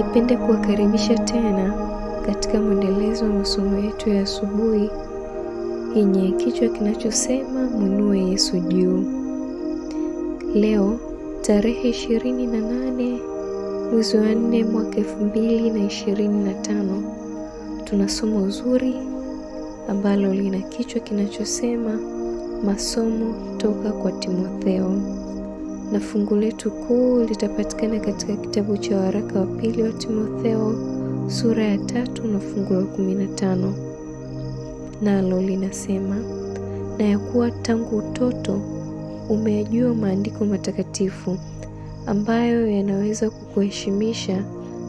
Nipende kuwakaribisha tena katika mwendelezo wa masomo yetu ya asubuhi yenye kichwa kinachosema mwinue Yesu juu. Leo tarehe 28 na mwezi wa nne mwaka 2025 na na tuna somo zuri ambalo lina kichwa kinachosema masomo toka kwa Timotheo na fungu letu kuu litapatikana katika kitabu cha waraka wa pili wa Timotheo sura ya tatu na fungu la kumi na tano nalo linasema na ya kuwa tangu utoto umeyajua maandiko matakatifu ambayo yanaweza kukuheshimisha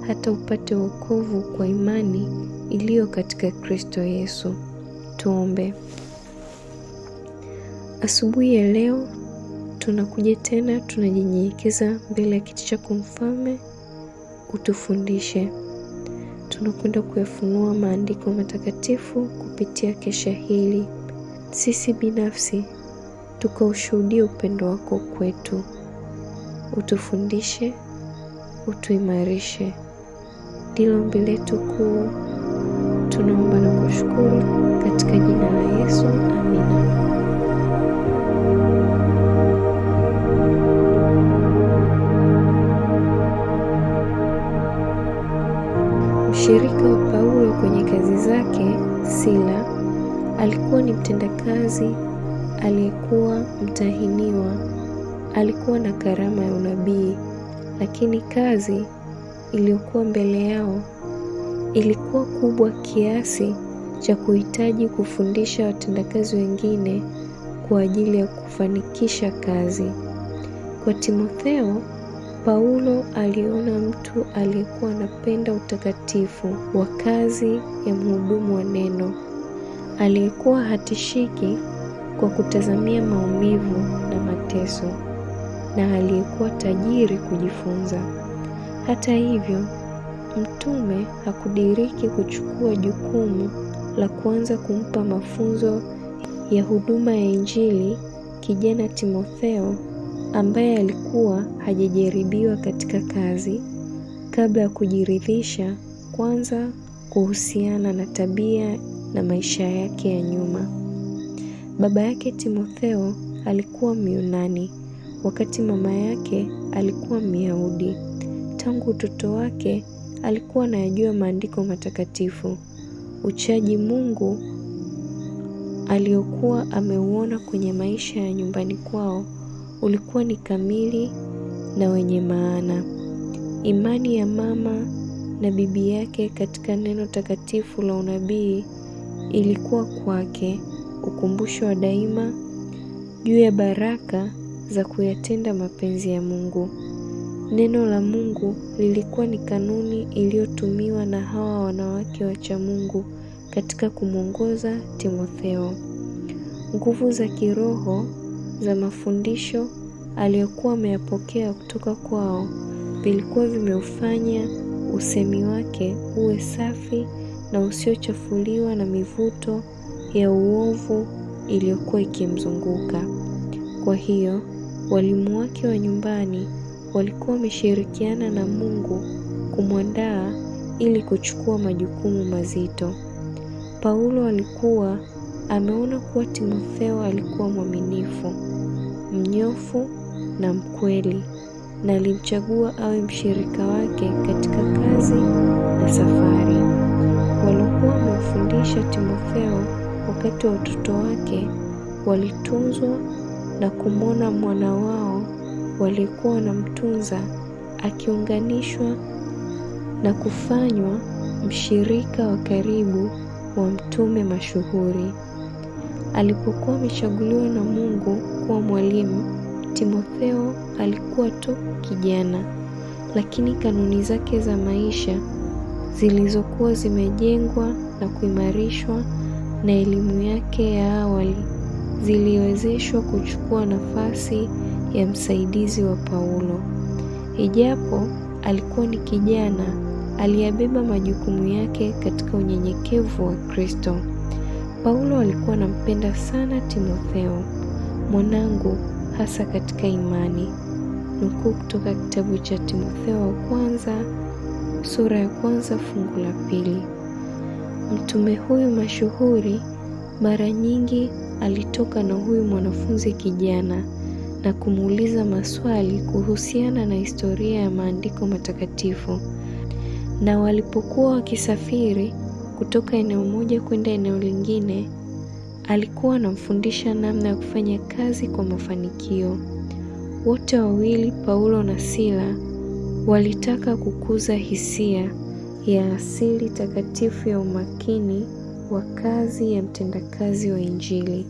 hata upate wokovu kwa imani iliyo katika Kristo Yesu. Tuombe. Asubuhi ya leo tunakuja tena, tunajinyenyekeza mbele ya kiti chako Mfalme, utufundishe. Tunakwenda kuyafunua maandiko matakatifu kupitia kesha hili, sisi binafsi tukaushuhudia upendo wako kwetu. Utufundishe, utuimarishe. Ndilo ombi letu kuu, tunaomba na kushukuru katika jina la Yesu. Alikuwa ni mtendakazi aliyekuwa mtahiniwa. Alikuwa na karama ya unabii, lakini kazi iliyokuwa mbele yao ilikuwa kubwa kiasi cha kuhitaji kufundisha watendakazi wengine kwa ajili ya kufanikisha kazi. Kwa Timotheo, Paulo aliona mtu aliyekuwa anapenda utakatifu wa kazi ya mhudumu wa neno aliyekuwa hatishiki kwa kutazamia maumivu na mateso, na aliyekuwa tajiri kujifunza. Hata hivyo, Mtume hakudiriki kuchukua jukumu la kuanza kumpa mafunzo ya huduma ya Injili kijana Timotheo ambaye alikuwa hajajaribiwa katika kazi, kabla ya kujiridhisha kwanza kuhusiana na tabia na maisha yake ya nyuma. Baba yake Timotheo alikuwa Myunani, wakati mama yake alikuwa Myahudi. Tangu utoto wake alikuwa anayajua maandiko matakatifu. Uchaji Mungu aliokuwa ameuona kwenye maisha ya nyumbani kwao ulikuwa ni kamili na wenye maana. Imani ya mama na bibi yake katika neno takatifu la unabii ilikuwa kwake ukumbusho wa daima juu ya baraka za kuyatenda mapenzi ya Mungu. Neno la Mungu lilikuwa ni kanuni iliyotumiwa na hawa wanawake wacha Mungu katika kumwongoza Timotheo. Nguvu za kiroho za mafundisho aliyokuwa ameyapokea kutoka kwao vilikuwa vimeufanya usemi wake uwe safi na usiochafuliwa na mivuto ya uovu iliyokuwa ikimzunguka. Kwa hiyo walimu wake wa nyumbani walikuwa wameshirikiana na Mungu kumwandaa ili kuchukua majukumu mazito. Paulo alikuwa ameona kuwa Timotheo alikuwa mwaminifu, mnyofu na mkweli na alimchagua awe mshirika wake katika kazi na safari waliokuwa wamemfundisha Timotheo wakati wa utoto wake walitunzwa na kumwona mwana wao waliyekuwa wanamtunza akiunganishwa na kufanywa mshirika wa karibu wa mtume mashuhuri. Alipokuwa amechaguliwa na Mungu kuwa mwalimu, Timotheo alikuwa tu kijana, lakini kanuni zake za maisha zilizokuwa zimejengwa na kuimarishwa na elimu yake ya awali ziliwezeshwa kuchukua nafasi ya msaidizi wa Paulo. Ijapo alikuwa ni kijana, aliyabeba majukumu yake katika unyenyekevu wa Kristo. Paulo alikuwa anampenda sana Timotheo, mwanangu hasa katika imani. Nukuu kutoka kitabu cha Timotheo wa kwanza sura ya kwanza fungu la pili. Mtume huyu mashuhuri mara nyingi alitoka na huyu mwanafunzi kijana na kumuuliza maswali kuhusiana na historia ya maandiko matakatifu, na walipokuwa wakisafiri kutoka eneo moja kwenda eneo lingine, alikuwa anamfundisha namna ya kufanya kazi kwa mafanikio. Wote wawili Paulo na Sila walitaka kukuza hisia ya asili takatifu ya umakini wa kazi ya mtendakazi wa Injili.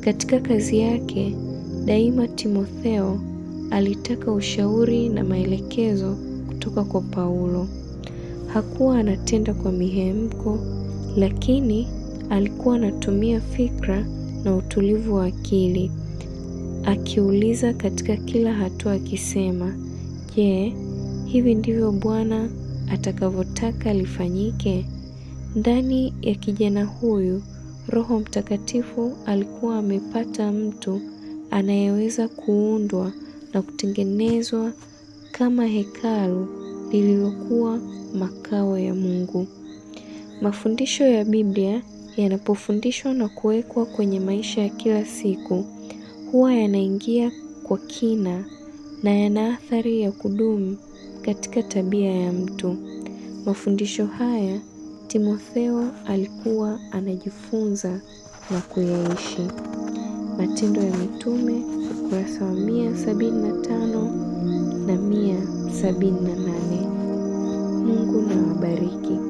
Katika kazi yake daima Timotheo alitaka ushauri na maelekezo kutoka kwa Paulo. Hakuwa anatenda kwa mihemko, lakini alikuwa anatumia fikra na utulivu wa akili akiuliza katika kila hatua akisema, Je, hivi ndivyo Bwana atakavyotaka lifanyike? Ndani ya kijana huyu Roho Mtakatifu alikuwa amepata mtu anayeweza kuundwa na kutengenezwa kama hekalu lililokuwa makao ya Mungu. Mafundisho ya Biblia yanapofundishwa na kuwekwa kwenye maisha ya kila siku, huwa yanaingia kwa kina na yana athari ya kudumu katika tabia ya mtu. Mafundisho haya Timotheo alikuwa anajifunza na kuyaishi. Matendo ya Mitume ukurasa wa 175 na 178. Mungu na wabariki.